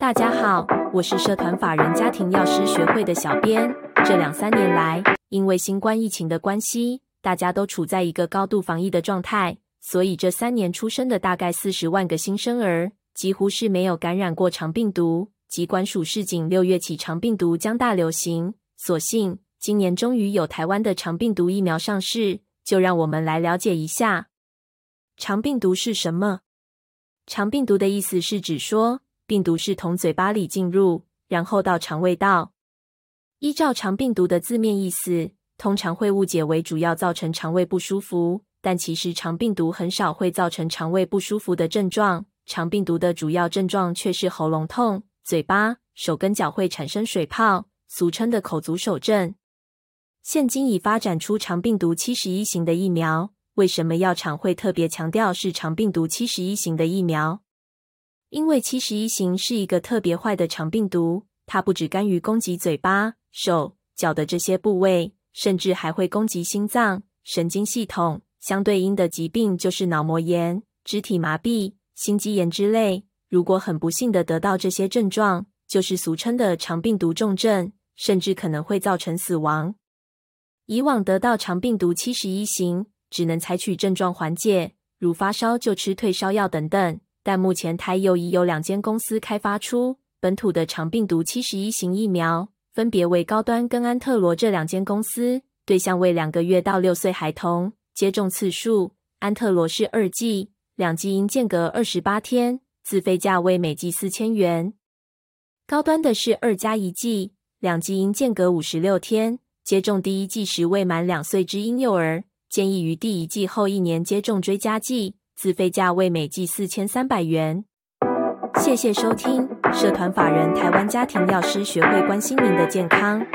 大家好，我是社團法人家庭藥師學會的小編。這兩三年來，因為新冠疫情的關係，大家都處在一個高度防疫的狀態，所以這三年出生的大概四十萬個新生兒，幾乎是沒有感染過腸病毒。疾管署示警六月起腸病毒將大流行，所幸今年終於有台灣的腸病毒疫苗上市，就讓我們來了解一下腸病毒是什麼。腸病毒的意思是指說，病毒是從嘴巴裡進入，然後到腸胃道。依照腸病毒的字面意思，通常會誤解為主要造成腸胃不舒服，但其實腸病毒很少會造成腸胃不舒服的症狀。腸病毒的主要症狀卻是喉嚨痛、嘴巴、手跟腳會產生水泡，俗稱的口足手症。現今已發展出腸病毒七十一型的疫苗，為什麼藥廠會特別強調是腸病毒七十一型的疫苗？因為七十一型是一個特別壞的腸病毒，它不只甘於攻擊嘴巴、手腳的這些部位，甚至還會攻擊心臟、神經系統。相對應的疾病就是腦膜炎、肢體麻痹、心肌炎之類。如果很不幸的得到這些症狀，就是俗稱的腸病毒重症，甚至可能會造成死亡。以往得到腸病毒七十一型，只能採取症狀緩解，如發燒就吃退燒藥等等。但目前，台灣已有兩間公司開發出本土的腸病毒七十一型疫苗，分別為高端跟安特羅這兩間公司，對象為兩個月到六歲孩童，接種次數，安特羅是二劑，兩劑應間隔二十八天，自費價為每劑四千元；高端的是二加一劑，兩劑應間隔五十六天，接種第一劑時未滿兩歲之嬰幼兒，建議於第一劑後一年接種追加劑。自費價位每劑四千三百元。謝謝收聽，社團法人台灣家庭藥師學會關心您的健康。